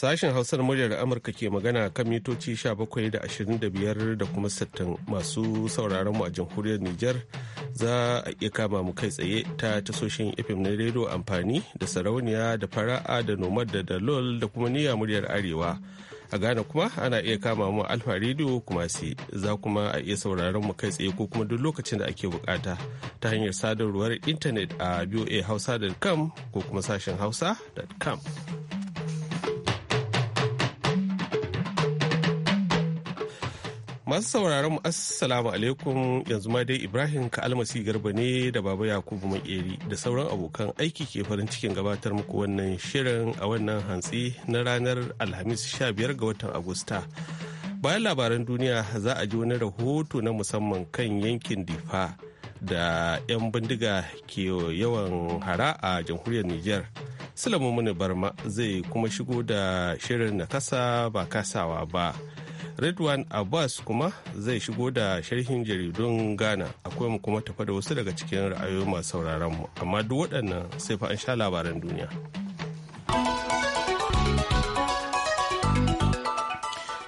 Sashen Hausar muryar Amurka ke magana kan mitoci 17 da 25 da kuma 60 masu sauraron mu a jamhuriyar Nijar za a iya kama mu kai tsaye ta tasoshin FM na rediyo amfani da sarauniya da fara'a da nomad da dalol da kuma niyya muryar Arewa. A Ghana kuma ana iya kama mu Alfa rediyo kuma si za kuma a iya sauraron mu kai tsaye ko kuma duk lokacin da ake bukata ta hanyar sadarwar intanet a voahausa.com ko kuma sashen hausa.com. Masu sauraron mu assalamu alaikum yanzu ma dai Ibrahim ka almasi Garba ne da Baba Yakubu Makeri da sauran abokan aiki ke farin cikin gabatar muku wannan shirin a wannan hantsi na ranar Alhamis 15 ga watan Agusta. Bayan labaran duniya za a ji wani rahoto na musamman kan yankin Difa da 'yan bindiga ke yawan hara a jamhuriyar Nijar. Sulaiman Barma zai kuma shigo da shirin na kasa ba kasawa ba. Redwan Abbas kuma zai shigo da sharhin jaridun Ghana akwai mu kuma tafa da wasu daga cikin ra'ayoyi masu sauraron mu amma duk waɗannan sai fa an sha labaran duniya.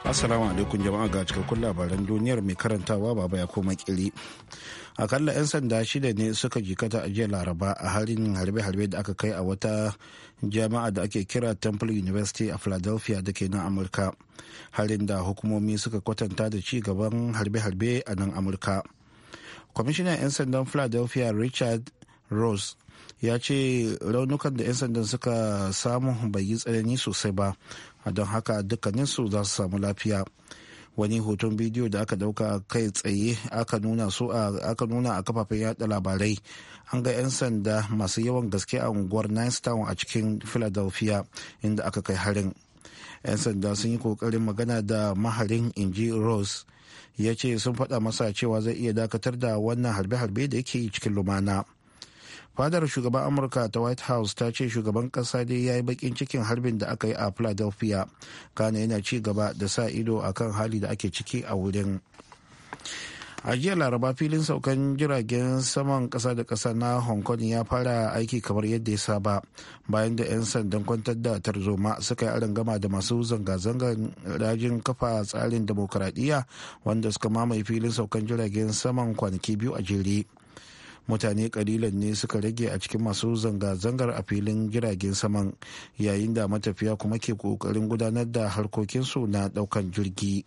Assalamu alaikum jama'a ga cikakkun labaran duniyar mai karantawa baba ya koma kiri. akalla 'yan sanda shida ne suka jikata a jiya laraba a halin harbe-harbe da aka kai a wata jama'a da ake kira temple university a philadelphia da ke nan amurka harin da hukumomi suka kwatanta da ci gaban harbe-harbe a nan amurka kwamishinan 'yan sandan philadelphia richard rose ya ce raunukan da 'yan sandan suka samu bai yi tsanani sosai ba don haka dukkaninsu za su samu lafiya wani hoton bidiyo da aka dauka kai tsaye aka nuna aka nuna a kafafen yada labarai an ga 'yan sanda masu yawan gaske a unguwar town a cikin philadelphia inda aka kai harin 'yan sanda sun yi kokarin magana da maharin inji rose ya ce sun faɗa masa cewa zai iya dakatar da wannan harbe-harbe da yake cikin lumana. fadar shugaban amurka ta white house ta ce shugaban kasa dai ya yi bakin cikin harbin da aka yi a philadelphia kana yana ci gaba da sa ido a kan hali da ake ciki a wurin a jiya laraba filin saukan jiragen saman kasa da kasa na hong kong ya fara aiki kamar yadda ya saba bayan da 'yan sandan kwantar da tarzoma suka yi gama da masu zanga-zangar rajin kafa tsarin demokuraɗiyya wanda suka mamaye filin saukan jiragen saman kwanaki biyu a jere mutane kalilan ne suka rage a cikin masu zanga-zangar a filin jiragen saman yayin da matafiya kuma ke kokarin gudanar da harkokinsu na daukan jirgi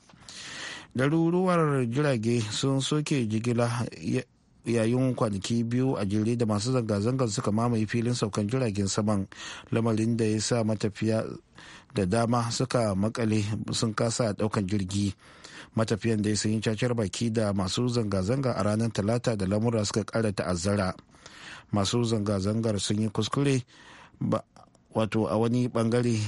ɗaruruwar jirage sun soke jigila yayin kwanaki biyu a jere da masu zanga-zangar suka mamaye filin saukan jiragen saman lamarin da ya sa matafiya da dama suka makale sun kasa daukan jirgi. matafiyan da sun yi cacar baki da masu zanga-zanga a ranar talata da lamura suka kara ta'azzara masu zanga-zangar sun yi kuskure wato a wani bangare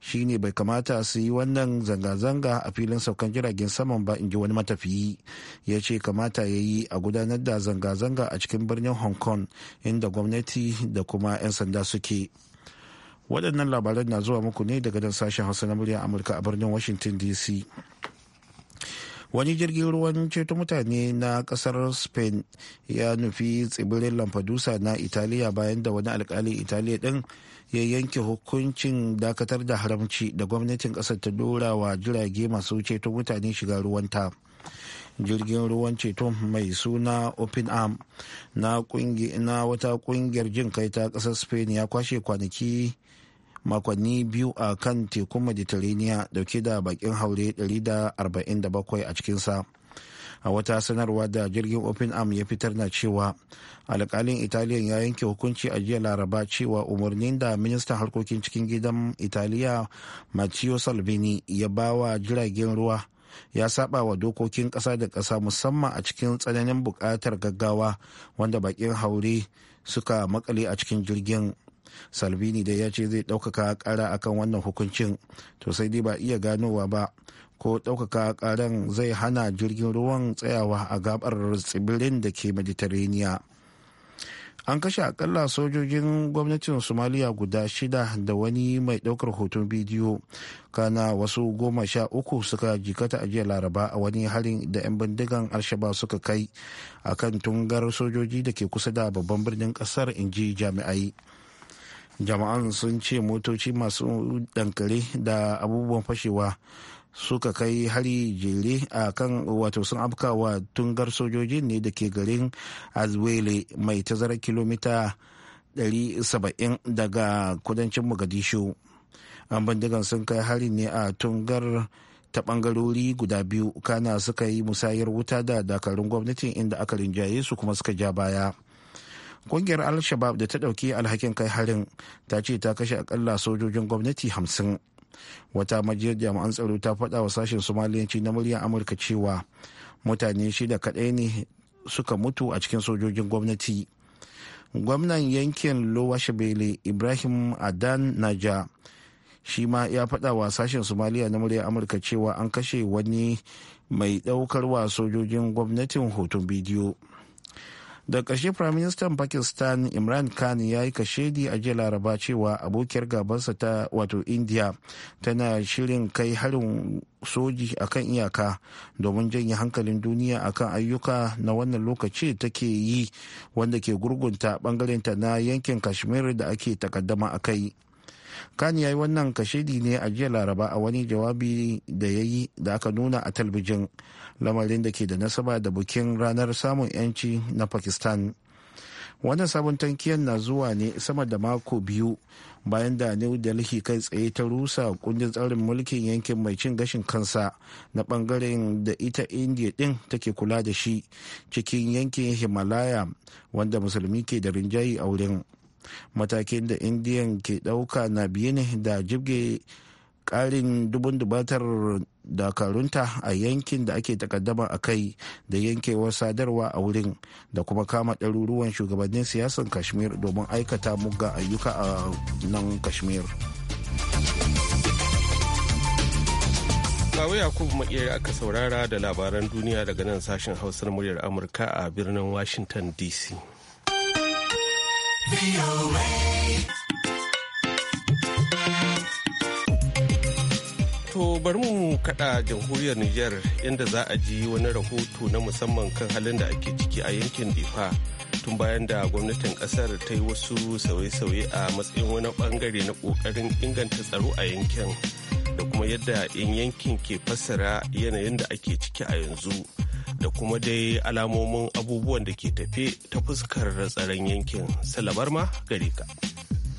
shine bai kamata su yi wannan zanga-zanga a filin saukan jiragen saman ba in ji wani matafiyi ya ce kamata ya yi a gudanar da zanga-zanga a cikin birnin hong kong inda gwamnati da kuma 'yan sanda suke waɗannan labaran na zuwa muku ne daga dan sashen hausa na murya amurka a birnin washington dc wani jirgin ruwan ceto mutane na kasar spain ya nufi tsibirin lamfadusa na italiya bayan da wani alkalin italiya din ya yanke hukuncin dakatar da haramci da gwamnatin kasar ta dora wa jirage masu ceto mutane shiga ruwanta jirgin ruwan ceto mai suna open arm na wata kungiyar jin kai ta kasar spain ya kwashe kwanaki makonni biyu a kan tekun mediterania dauke da bakin haure 147 a cikinsa a wata sanarwa da jirgin open arm ya fitar na cewa alkalin italiyan ya yanke hukunci a jiya laraba cewa umarnin da ministan harkokin cikin gidan italiya matteo salvini ya bawa jiragen ruwa ya saba wa dokokin kasa da kasa musamman a cikin tsananin bukatar gaggawa wanda bakin haure suka makale a cikin jirgin salvini da ya ce zai ɗaukaka ƙara akan wannan hukuncin to sai dai ba iya ganowa ba ko ɗaukaka ƙaran zai hana jirgin ruwan tsayawa a gabar tsibirin da ke mediterranean an kashe akalla sojojin gwamnatin somaliya guda shida da wani mai daukar hoton bidiyo kana wasu goma sha uku suka jikata a jiya laraba a wani harin da 'yan bindigan alshaba suka kai akan tungar sojoji da ke kusa da babban birnin kasar ji jami'ai jama'an sun ce motoci masu dankare da abubuwan fashewa suka kai hari jere a kan wato sun afkawa tungar sojoji ne da ke garin azwele mai tazara kilomita 170 daga kudancin mogadishu an bindigan sun kai hari ne a tungar ta bangarori guda biyu kana suka yi musayar wuta da dakarun gwamnatin inda aka rinjaye su kuma suka ja baya Ƙungiyar Al-Shabab da ta ɗauki alhakin kai harin ta ce ta kashe akalla sojojin gwamnati hamsin. Wata majiyar jami'an tsaro ta faɗa wa sashen Somaliyanci na muryar Amurka cewa mutane shida kaɗai ne suka mutu a cikin sojojin gwamnati. Gwamnan yankin Lowa Shabele Ibrahim Adan Naja shi ma ya faɗa wa sashen somaliya na muryar amurka cewa an kashe wani mai ɗaukar sojojin gwamnatin hoton bidiyo da ƙarshe firaministan pakistan imran khan ya yi kashedi a jiya laraba cewa abokiyar gabansa ta wato india tana shirin kai harin soji akan iyaka domin janye hankalin duniya akan ayyuka na wannan lokaci take yi wanda ke gurgunta bangarenta na yankin kashmir da ake takaddama a kai kani ya yi wannan kashedi ne a jiya laraba a wani jawabi da ya yi da aka nuna a talbijin lamarin da ke da nasaba da bukin ranar samun 'yanci na pakistan wannan sabon tankiyar na zuwa ne sama da mako biyu bayan da new delhi kai tsaye ta rusa kundin tsarin mulkin yankin mai cin gashin kansa na bangaren da ita india din take kula da shi cikin yankin himalaya wanda musulmi ke da rinjayi a wurin matakin da indiya ke ɗauka na biye ne da jibge ƙarin dubun dubatar dakarunta a yankin da ake takaddama a kai da yankewar sadarwa a wurin da kuma kama ɗaruruwan shugabannin siyasan kashmir domin aikata muga ayyuka a nan kashmir kawai Yakubu Makiyar aka saurara da labaran duniya daga nan sashen hausar muryar Amurka a birnin Washington DC. To bari mu kada jamhuriyar Nijar inda za a ji wani rahoto na musamman kan halin da ake ciki a yankin Difa tun bayan da gwamnatin kasar ta yi wasu sauye-sauye a matsayin wani bangare na kokarin inganta tsaro a yankin da kuma yadda 'yan yankin ke fassara yanayin da ake ciki a yanzu. da kuma dai alamomin abubuwan da ke tafe ta fuskar tsaron yankin salabar ma gare ka.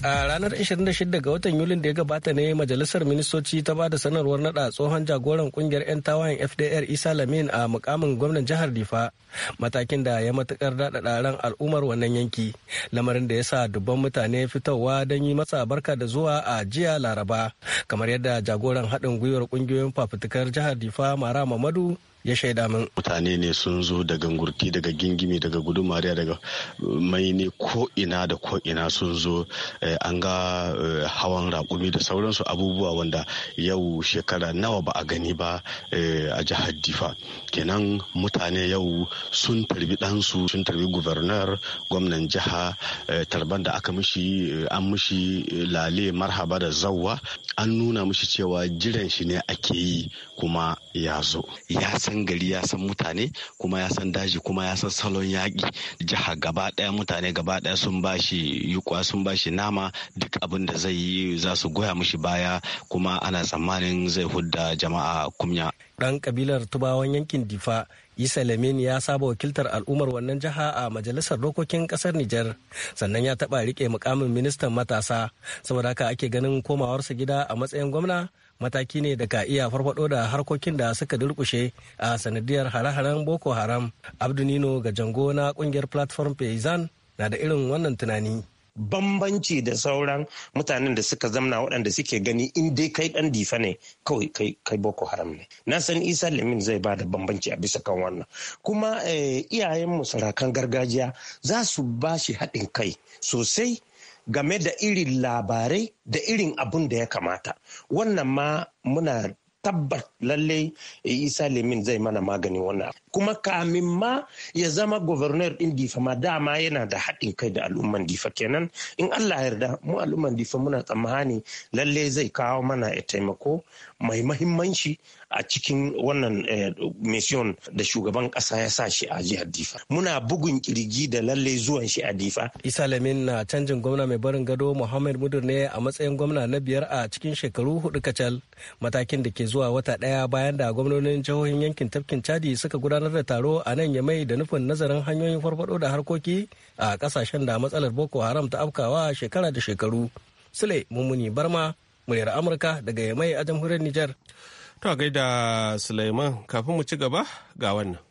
a ranar 26 ga watan yulin da ya gabata ne majalisar ministoci ta ba da sanarwar nada tsohon jagoran kungiyar 'yan tawayen fdr isa lamin a mukamin gwamnan jihar difa matakin da ya matukar daɗaɗa ran al'ummar wannan yanki lamarin da ya sa dubban mutane fitowa don yi masa barka da zuwa a jiya laraba kamar yadda jagoran haɗin gwiwar kungiyoyin fafutukar jihar difa mara mamadu ya shaida min mutane ne sun zo daga ngurti daga gingimi daga gudun mariya daga uh, ne ko ina da ko ina sun zo eh, an ga eh, hawan raƙumi da sauransu abubuwa wanda yau shekara nawa ba a gani ba eh, a jihar difa kenan mutane yau sun tarbi ɗansu sun tarbi gubernar gwamnan jiha tarban da aka mishi an mishi lale marhaba da zawa an nuna mishi cewa jiran shi ne ake yi kuma ya zo yan gari ya san mutane kuma ya san daji kuma ya san salon yaƙi jiha gaba ɗaya mutane gaba ɗaya sun ba shi yukwa sun ba shi nama duk abin da zai yi za su goya mishi baya kuma ana tsammanin zai hudda jama'a kumya. Ɗan kabilar tubawan yankin Difa Isa lamini ya saba wakiltar al'ummar wannan jiha a majalisar dokokin kasar Nijar sannan ya taɓa rike mukamin ministan matasa saboda haka ake ganin komawarsa gida a matsayin gwamna mataki ne da ka iya farfado da harkokin da suka durkushe a sanadiyar hare-haren boko haram abdunino ga jango na kungiyar platform peizan na da irin wannan tunani bambanci da sauran mutanen da suka zamna waɗanda suke gani in dai kai ɗan difa ne kawai kai boko haram ne na san isa lamin zai ba da bambanci a bisa kan wannan kuma eh, iyayenmu sarakan gargajiya za su ba shi haɗin kai sosai game da irin labarai da irin abun da ya kamata wannan ma muna tabbat lallai eh, isa lemin zai mana maganin wannan kuma kamin ma ya zama gwamnar din difa ma dama yana da haɗin kai da al'umman difa kenan in allah yarda mu al'umman difa muna tsammani lallai zai kawo mana ya taimako mai mahimmanci a cikin wannan eh, mission da shugaban kasa ya sa shi a jihar difa muna bugun kirgi da lalle zuwan shi a difa isa lamin na canjin gwamna mai barin gado muhammad mudur ne a matsayin gwamna na biyar a cikin shekaru hudu kacal matakin da ke zuwa wata daya bayan da gwamnonin jihohin yankin tafkin chadi suka gudanar da taro a nan ya mai da nufin nazarin hanyoyin farfado da harkoki a kasashen da matsalar boko haram ta afkawa shekara da shekaru sule mummuni barma muryar amurka daga yamai a jamhuriyar nijar. To gaida Suleiman kafin mu ci gaba ga wannan.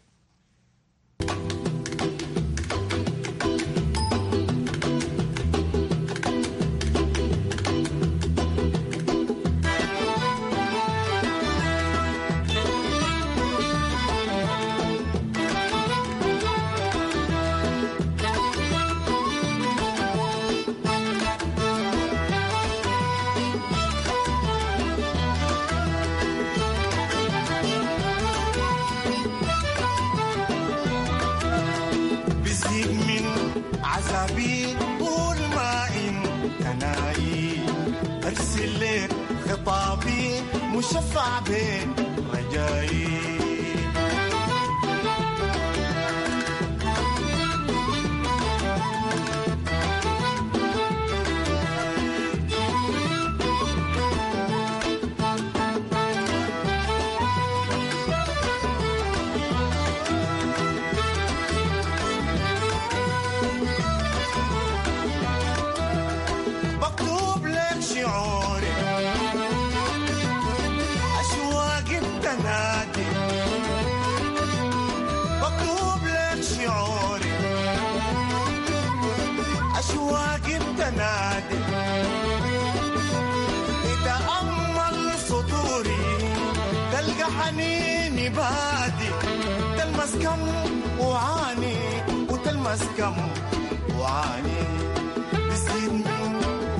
واسكمه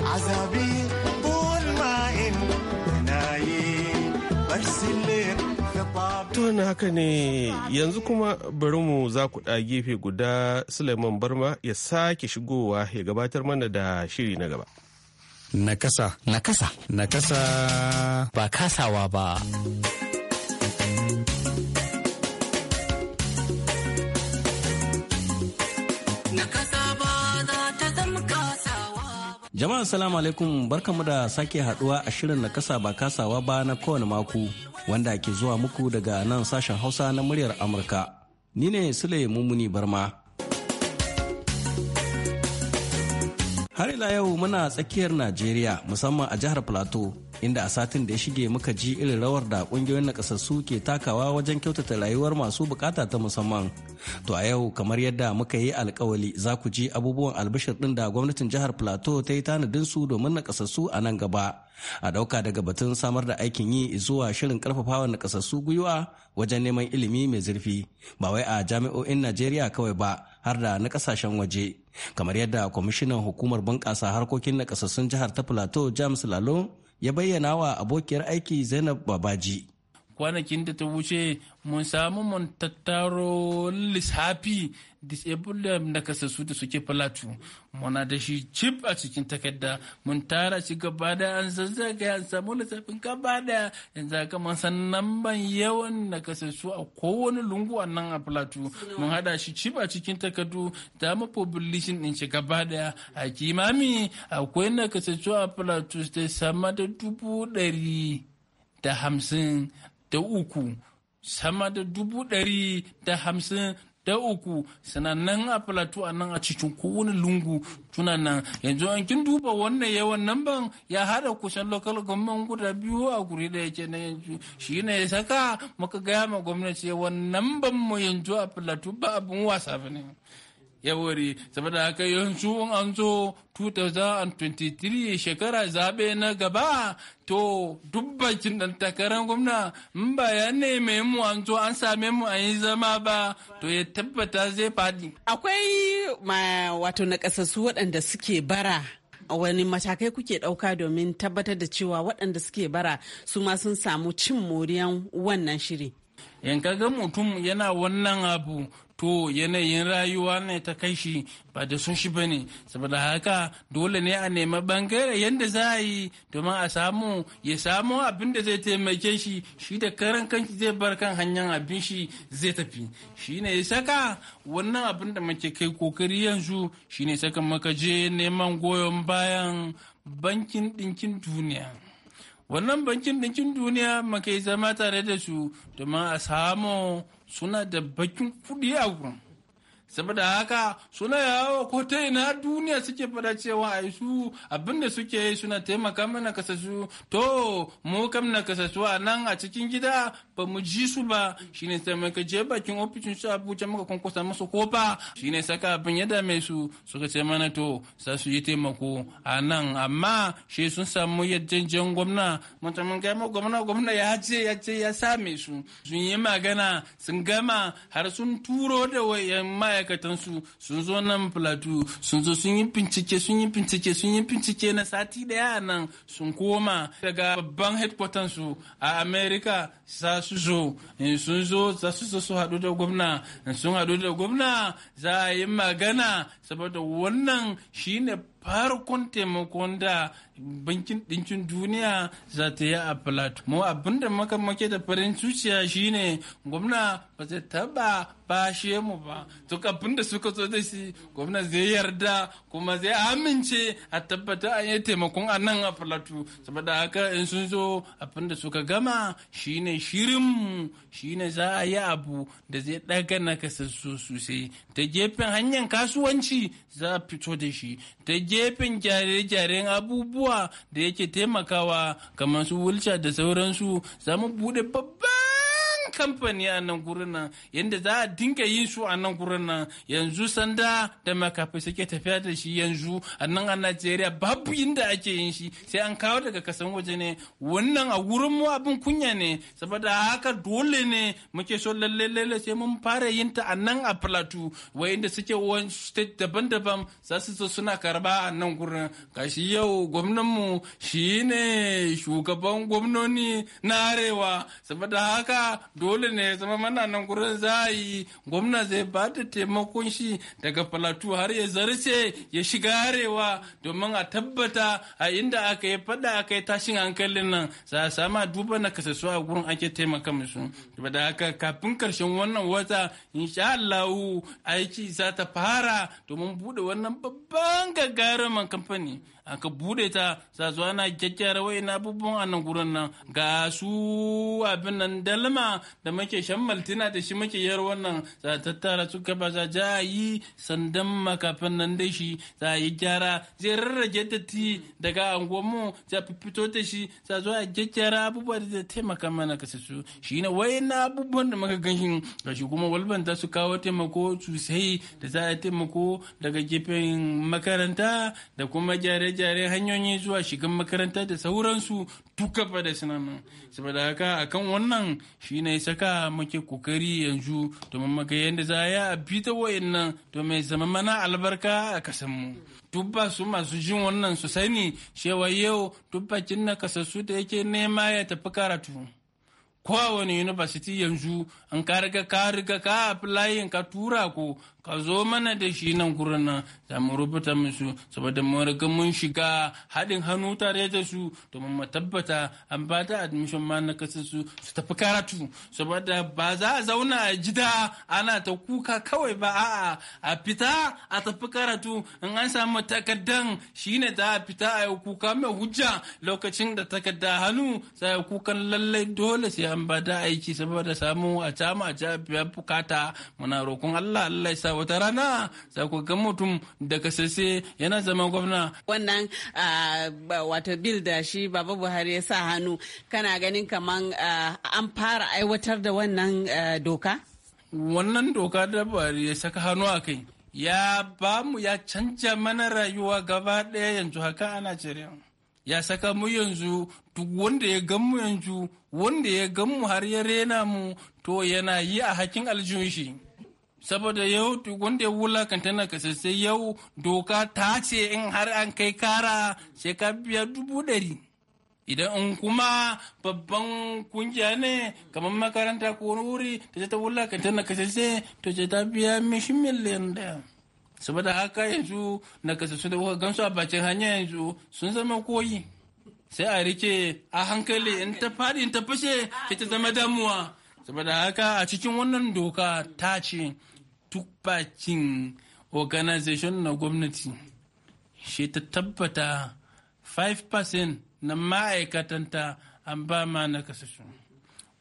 عذابي طول ما نايم tun haka ne yanzu kuma bari mu za ku ɗa gefe guda Suleiman Barma ya sake shigowa ya gabatar mana da shiri na gaba. Nakasa. Nakasa. Nakasa. Ba kasawa ba. Jama'a salamu alaikum barkamu da sake haduwa a shirin na kasa ba kasawa ba na kowane mako wanda ke zuwa muku daga nan sashen Hausa na muryar Amurka. Ni ne Sule Mummuni Barma. Har ila yau muna tsakiyar Najeriya musamman a jihar Plateau inda a satin da ya shige muka ji irin rawar da kungiyoyin nakasassu ke takawa wajen kyautata rayuwar masu bukata ta musamman to a yau kamar yadda muka yi alkawali za ku ji abubuwan albishir din da gwamnatin jihar plateau ta yi tanadin su domin nakasassu a nan gaba a dauka daga batun samar da aikin yi zuwa shirin karfafawa naƙasassu gwiwa wajen neman ilimi mai zurfi ba wai a jami'o'in najeriya kawai ba har da na kasashen waje kamar yadda kwamishinan hukumar bunƙasa harkokin naƙasassun jihar ta plateau james lalo ya bayyana wa abokiyar aiki zainab babaji kwanakin da ta wuce mun samu mun tattaro lissafi disabled da su da suke falatu muna da shi chip a cikin takarda mun tara shi gaba da an zazzaga an samu lissafin gaba da yanzu haka mun san namban yawan na su a kowane lungu a nan a falatu mun hada shi chip a cikin takardu da mu publishing din shi gaba da a kimami akwai na su a falatu sai sama da dubu ɗari da hamsin da uku sama da dubu ɗari da hamsin da uku suna nan a plateau a nan a cikin kowane lungu tunanan yanzu an kin duba wannan yawan nan ya hada kusan lokal government guda biyu a guri da yake na yanzu shi ne ya saka muka gaya ma gwamnati yawan nan mu yanzu a plateau ba abin wasa ba ne. ya saboda haka yanzu in an zo 2023 shekara zaɓe na gaba to dubbakin dan takarar gwamna in ba ya neme mu an zo an same mu an yi zama ba to ya tabbata zai faɗi. akwai ma wato nakasassu waɗanda suke bara wani matakai kuke ɗauka domin tabbatar da cewa waɗanda suke bara su ma sun samu cin moriyan wannan shiri. Yankagan ga mutum yana wannan abu to yanayin rayuwa ne ta kai shi ba da sun shi bane saboda haka dole ne a nemi bangare yadda za a yi domin a samu ya samu abin da zai taimake shi shi da karan kanki zai bar kan hanyar abin shi zai tafi shi ne ya saka wannan abin da muke kai kokari yanzu shi ne saka maka je neman goyon bayan bankin ɗinkin duniya. wannan bankin ɗinkin duniya muka yi zama tare da su domin a samu suna da bakin kuɗi a wurin saboda haka suna yawo ko ta ina duniya suke fada cewa ai su abinda suke yi suna taimaka mana kasasu to mu kam na kasasu a nan a cikin gida ba mu ji su ba shine sai muka je bakin ofishin su Abuja muka kunkusa musu kofa shine saka abin ya dame su suka ce mana to sa su yi taimako a nan amma shi sun samu jan gwamna mun kai gwamna gwamna ya ce ya ce ya same su sun yi magana sun gama har sun turo da wayan ma'aikata ma'aikatansu sun zo nan plateau sun zo sun yi bincike sun yi bincike sun yi bincike na sati daya nan sun koma daga babban headquarters su a america za su zo in sun zo za su zo su haɗu da gwamna in sun haɗu da gwamna za a yi magana saboda wannan shine farkon taimakon da bankin ɗinkin duniya za ta yi a plateau mu abinda muka make da farin zuciya shine gwamna ba zai taba bashe mu ba to abin da suka zo da shi gwamna zai yarda kuma zai amince a tabbata an yi taimakon a nan a plateau saboda haka in sun zo abin suka gama shine wannan shirin shine za a yi abu da zai ɗaga nakasassu sosai ta gefen hanyar kasuwanci za a fito da shi ta gefen gyare-gyaren abubuwa da yake taimakawa kamar su wulca da sauransu za mu buɗe babban kamfani a nan gurin nan yadda za a dinga yin su a nan gurin nan yanzu sanda da makafi suke tafiya da shi yanzu a nan a najeriya babu inda ake yin shi sai an kawo daga kasan waje ne wannan a wurin mu abin kunya ne saboda haka dole ne muke so lalle lalle sai mun fara yin ta a nan a plateau wayanda suke wani state daban-daban za su zo suna karba a nan gurin gashi yau gwamnanmu shi ne shugaban gwamnoni na arewa saboda haka dole ne ya zama mana nan gurin yi gwamna zai ba da taimakon shi daga falatu har ya zarce ya shiga arewa domin a tabbata a inda aka yi fada aka yi tashin hankalin nan za a sama duba na kasasuwa a gurin ake taimaka musu da haka kafin karshen wannan wata insha Allahu aiki za ta fara domin buɗe wannan babban gagarumin kamfani aka bude ta sa zuwa na kyakkyara wai abubuwan a nan gurin nan ga su abin nan dalma da muke shan maltina da shi muke yar wannan za tattara su ka ba za ja yi sandan makafin nan da shi za yi gyara zai rarrage datti daga anguwanmu za fito da shi za zuwa kyakkyara abubuwa da zai taimaka mana ka su shi ne na abubuwan da muka ganshin ga shi kuma walbanta su kawo taimako sosai da za a taimako daga gefen makaranta da kuma gyare gyare-gyare hanyoyi zuwa shigan makaranta da sauransu duka ba da sinanan saboda haka akan wannan shi ne saka muke kokari yanzu domin maka yadda za a bi ta wayannan to mai zama mana albarka a kasan kasanmu tuba su masu jin wannan su sani cewa yau dubbacin na kasassu da yake nema ya tafi karatu kowane university yanzu an ka riga ka riga ka ka tura ko ka zo mana da shi nan gurin nan mu rubuta musu saboda mu riga mun shiga haɗin hannu tare da su domin mu tabbata an ba da admission ma na kasa su su tafi karatu saboda ba za a zauna a gida ana ta kuka kawai ba a'a a fita a tafi karatu in an samu takardan shine za a fita a yi kuka mai hujja lokacin da takarda hannu sai a kukan lallai dole sai an ba da aiki saboda samu a cama a biyar bukata muna roƙon Allah Allah ya sa wata rana za ku ga mutum da kasase yana zama gwamna. Wannan ah, wato bil da shi Baba Buhari ya sa hannu kana ganin kaman ah, an fara aiwatar da wannan ah, doka? Wannan doka da Buhari ya saka hannu a kai. Ya ba mu ya canja mana rayuwa gaba ɗaya yanzu haka a Najeriya. Ya saka mu yanzu duk wanda ya gan mu yanzu wanda ya gan mu har ya rena mu to yana yi a hakin aljihun saboda yau wanda ya kan tana kasance yau doka ta ce in har an kai kara sai ka biya dubu ɗari idan in kuma babban kungiya ne kamar makaranta ko wani wuri ta ce ta kan tana kasance to ce ta biya mishi miliyan ɗaya saboda haka yanzu na kasance da gansu a bacin hanya yanzu sun zama koyi sai a rike a hankali in ta faɗi in ta fashe ta zama damuwa saboda haka a cikin wannan doka ta ce duk bakin organization na gwamnati shi ta tabbata 5% na ma'aikatanta an ba ma na kasashe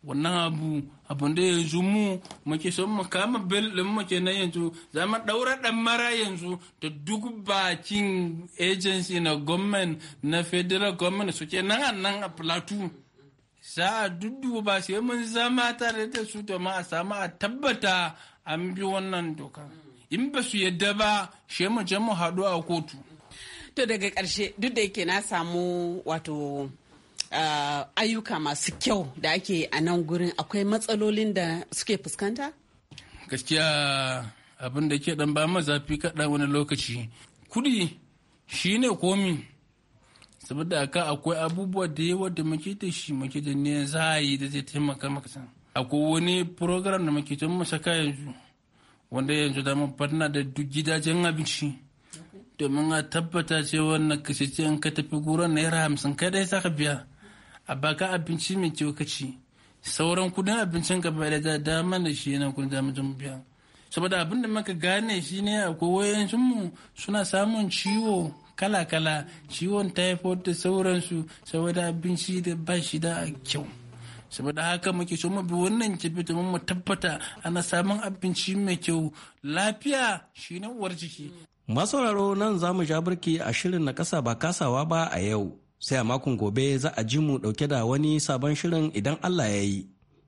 wannan abu abu da yanzu mu muke son mu kama bil din muke na yanzu za mu daura dan mara yanzu da duk bakin agency na government na federal government suke nan nan a plateau za a dudduba sai mun zama tare da su ma a samu a tabbata an bi wannan doka in ba su yadda ba shi mu je mu haɗu a kotu to daga ƙarshe duk da yake na samu wato Uh, ayyuka masu kyau da ake a nan gurin akwai matsalolin da suke fuskanta? gaskiya abin da ke dan ba ma zafi kaɗa wani lokaci kudi shi ne komi saboda aka akwai abubuwa da yawa da muke da shi muke da ne za a yi da zai taimaka maka akwai wani program da muke can masaka yanzu wanda yanzu da mun fadna da duk gidajen abinci domin a tabbata cewa na kashe ce ka tafi guran naira hamsin kadai za ka biya a baka abinci mai kyau ka ci sauran kudin abincin gaba da dama da shi yana kudin dama mu biya saboda abin da muka gane shi ne akwai wayancin mu suna samun ciwo kala-kala ciwon typhoid da sauransu saboda abinci da ba shi da kyau saboda haka muke so mu bi wannan kifi domin mu tabbata ana samun abinci mai kyau lafiya shine uwar jiki masauraro nan za mu ja birki a shirin na kasa ba kasawa ba a yau sai a makon gobe za a ji mu dauke da wani sabon shirin idan allah ya yi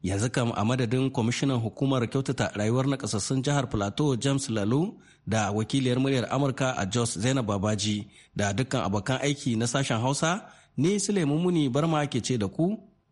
yanzu kam a madadin kwamishinan hukumar kyautata rayuwar nakasassun jihar plateau james lalu da wakiliyar muryar amurka a jos zainab babaji da dukkan abokan aiki na sashen hausa ni sulaimu muni barma ke ce da ku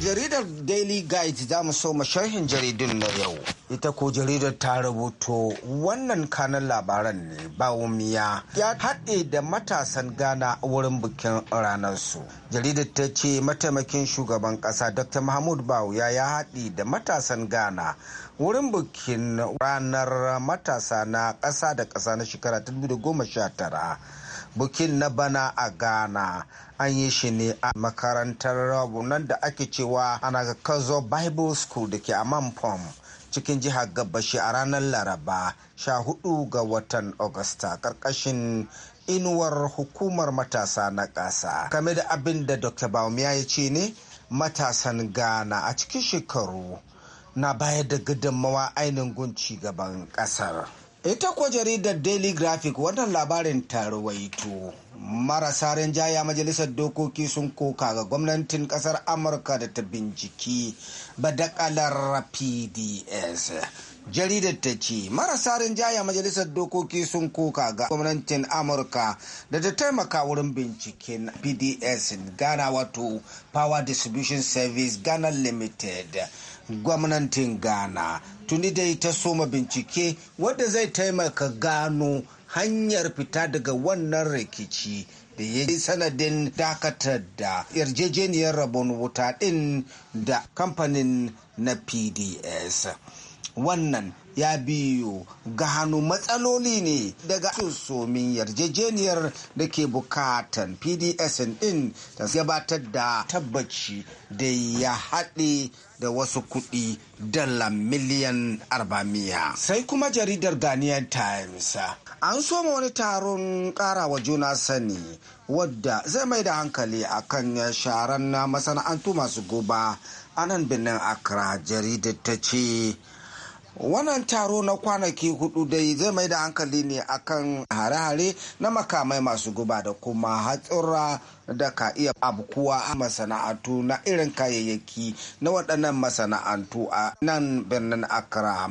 jaridar Daily Guide za mu so sharhin jaridun na yau. Ita ko jaridar ta rubuto wannan kanan labaran ne bawumiya ya haɗe da matasan Ghana wurin bikin ranarsu. Jaridar ta ce mataimakin shugaban ƙasa Dr. Mahmud Bawuya ya haɗe da matasan gana wurin bikin ranar matasa na ƙasa da ƙasa na shekara 2019. bukin na bana a ghana an yi shi ne a makarantar nan da ake cewa Ana Kazo bible school da ke a cikin jihar gabashi a ranar laraba 14 ga watan agusta karkashin inuwar hukumar matasa na ƙasa game da abin da dr baumia ya ce ne matasan ghana a cikin shekaru na bayar da gudunmawa ainihin gun gaban ƙasar ita kuwa jaridar daily graphic wannan labarin ta rawaito marasa rinjaya majalisar dokoki sun koka ga gwamnatin kasar amurka da ta binciki badakalar pds jaridar ta ce marasa rinjaya majalisar dokoki sun koka ga gwamnatin amurka da ta taimaka wurin binciken pds ghana wato power distribution service ghana limited gwamnatin ghana tuni dai ta soma bincike wadda zai taimaka gano hanyar fita daga wannan rikici da ya yi sanadin dakatar da yarjejeniyar rabon wuta din da kamfanin na pds wannan ya biyo ga hannu matsaloli ne daga somin yarjejeniyar da ke bukatan pds din ta gabatar da tabbaci da ya haɗe da wasu kuɗi dala miliyan 400 sai kuma jaridar ghanaian times an soma wani taron ƙarawa juna sani wadda zai mai da hankali a akan sharan na masana'antu masu guba a nan birnin accra jaridar ta ce wannan taro na kwanaki hudu dai zai mai da hankali ne akan hare-hare na makamai masu guba da kuma hatsura da ka iya abkuwa a masana'antu na irin kayayyaki na waɗannan masana'antu a nan birnin accra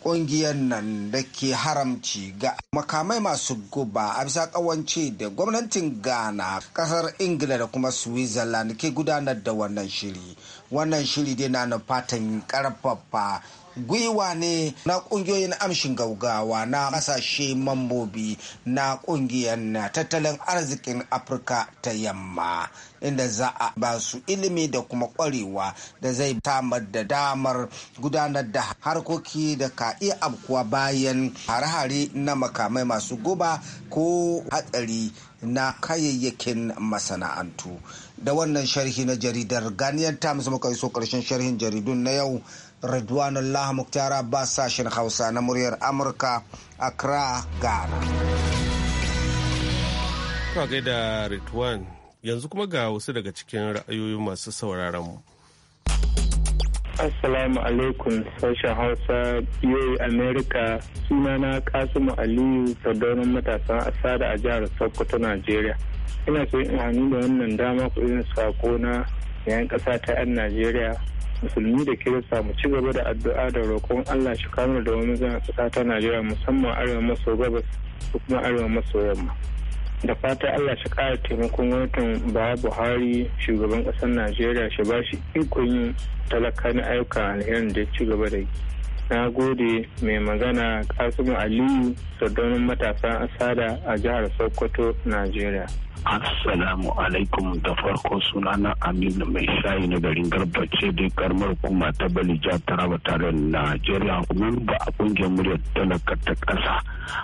Ƙungiyar nan da ke haramci ga makamai masu guba a bisa kawance da gwamnatin ghana Ƙasar ingila da kuma switzerland ke gudanar da wannan shiri wannan shiri dai na fatan karfafa gwiwa ne na kungiyoyin amshin gaugawa na kasashe mambobi na kungiyar tattalin arzikin afirka ta yamma inda za a ba su ilimi da kuma kwarewa da zai samar da damar gudanar da harkoki da ka iya abkuwa bayan hare-hare na makamai masu guba ko hatsari na kayayyakin masana'antu da wannan sharhi na jaridar ganiyar times muka so karshen sharhin jaridun na yau Ridwanullah Muktara ba sashen Hausa na muryar Amurka Accra, Ghana. Kwa Ridwan yanzu kuma ga wasu daga cikin ra'ayoyi masu sauraron mu. Assalamu alaikum sashen Hausa biyoyi Amerika sunana Kasimu Aliyu Sadaunin matasan Asada a jihar Sokoto, Najeriya. Ina so in hannu da wannan dama ku yin sako na yan ƙasa ta 'yan Najeriya musulmi da kirista mu ci gaba da addu'a da roƙon allah shi kamar da wani zan ƙasa ta najeriya musamman arewa maso gabas da kuma arewa maso yamma da fata allah shi ƙara taimakon gwamnatin ba buhari shugaban ƙasar najeriya shi ba shi ikon yin talaka na ayyukan alherin da ya ci gaba da yi na gode mai magana kasimu aliyu sardaunin matasan asada a jihar sokoto najeriya Assalamu alaikum da farko sunana Aminu mai shayi na garin garbace dai karmar kuma ta Balija ta raba tare Najeriya ba a kungiyar muryar talaka ta kasa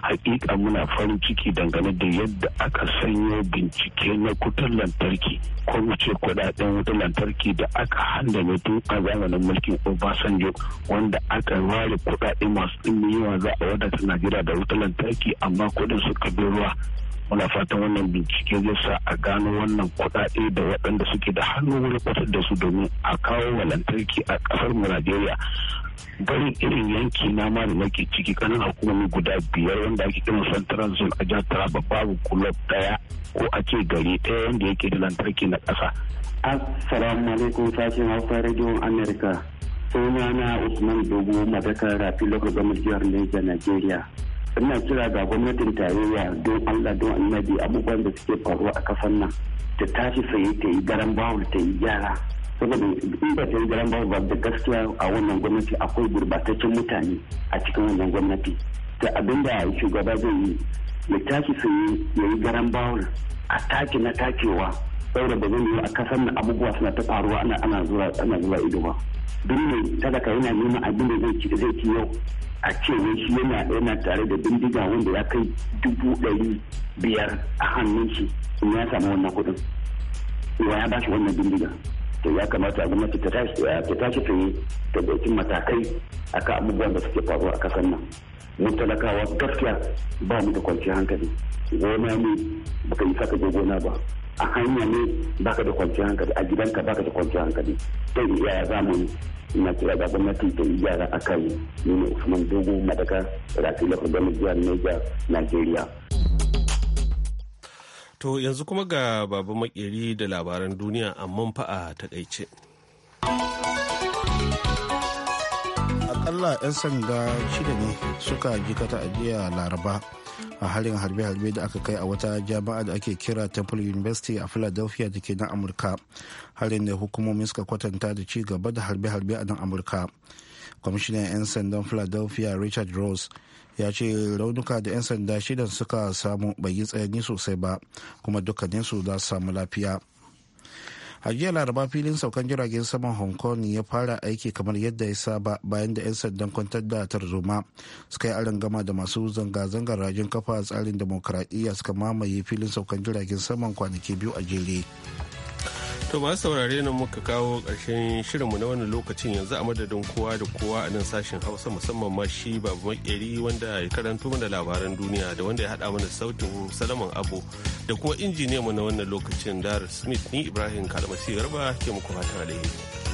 Hakika muna farin ciki dangane da yadda aka sanyo bincike na kutan lantarki ko mu ce kudaden wutar lantarki da aka handame tun a zamanin mulkin Obasanjo wanda aka ware kuɗaɗe masu ɗimbin yawa za a wadata najeriya da wutar lantarki amma kuɗin suka bi ruwa muna fatan wannan bincike zai sa a gano wannan kuɗaɗe da waɗanda suke da hannu wurin kwatar da su domin a kawo wa lantarki a ƙasar mu Najeriya. Garin irin yanki na ma da nake ciki kanan hukumomi guda biyar wanda ake kiran Central Zone a jihar Taraba babu kulob ɗaya ko a ce gari ɗaya wanda yake da lantarki na ƙasa. Assalamu alaikum sashen Hausa Radio America. na usman dogo madakar rafi lokacin gwamnati jihar niger nigeria ina kira ga gwamnatin tarayya don allah don annabi abubuwan da suke faruwa a kasar nan ta tashi sai ta yi garan bawul ta yi gyara saboda ba ta yi garan bawul ba da gaskiya a wannan gwamnati akwai gurbataccen mutane a cikin wannan gwamnati ta abinda shugaba zai yi ya tashi sai ya yi garan bawul a taki na takewa saboda ba zai yi a kasar na abubuwa suna ta faruwa ana ana zuwa ana zuwa ido ba duk mai talaka yana neman abin da zai ci zai ci yau a ce shi yana yana tare da bindiga wanda ya kai dubu ɗari biyar a hannun shi in ya samu wannan kuɗin wa ya ba shi wannan bindiga to ya kamata a gwamnati ta tashi eh, ta tashi yi ta ɗauki matakai akan abubuwan da suke faruwa a kasar nan mu talakawa gaskiya ba mu da kwanciyar hankali gona ne baka yi saka je gona ba a hanya ne baka da kwanciyar hankali a gidanka baka da kwanciyar hankali sai iya zamun na kira ga gwamnati yi gyara a kan nuna usman dogo madaka rafi lafi gama jihar niger nigeria to yanzu kuma ga babu makeri da labaran duniya amma fa a takaice. akalla 'yan sanda shida ne suka jikata a jiya laraba a harin harbe-harbe da aka kai a wata jami'a da ake kira temple university a philadelphia da ke nan amurka harin da hukumomi suka kwatanta da ci gaba da harbe-harbe a nan amurka kwamishinan 'yan sandan philadelphia richard rose ya ce raunuka da 'yan sanda shidan suka samu bai yi tsayani sosai ba kuma dukkaninsu za su samu lafiya a jiya laraba filin saukan jiragen saman hong kong ya fara aiki kamar yadda ya saba bayan da 'yan sandan kwantar da tarzoma suka yi gama da masu zanga-zangar rajin kafa tsarin demokradiyya suka mamaye filin saukan jiragen saman kwanaki biyu a jere To masu saurare nan muka kawo ƙarshen shirinmu na wannan lokacin yanzu a madadin kowa da kowa a nan sashen Hausa musamman ma shi babu makeri wanda ya karanto mana labaran duniya da wanda ya haɗa mana sautin salaman Abu da kuma injiniyanmu na wannan lokacin Dar Smith ni Ibrahim Kalmasi Garba ke muku fatan alheri.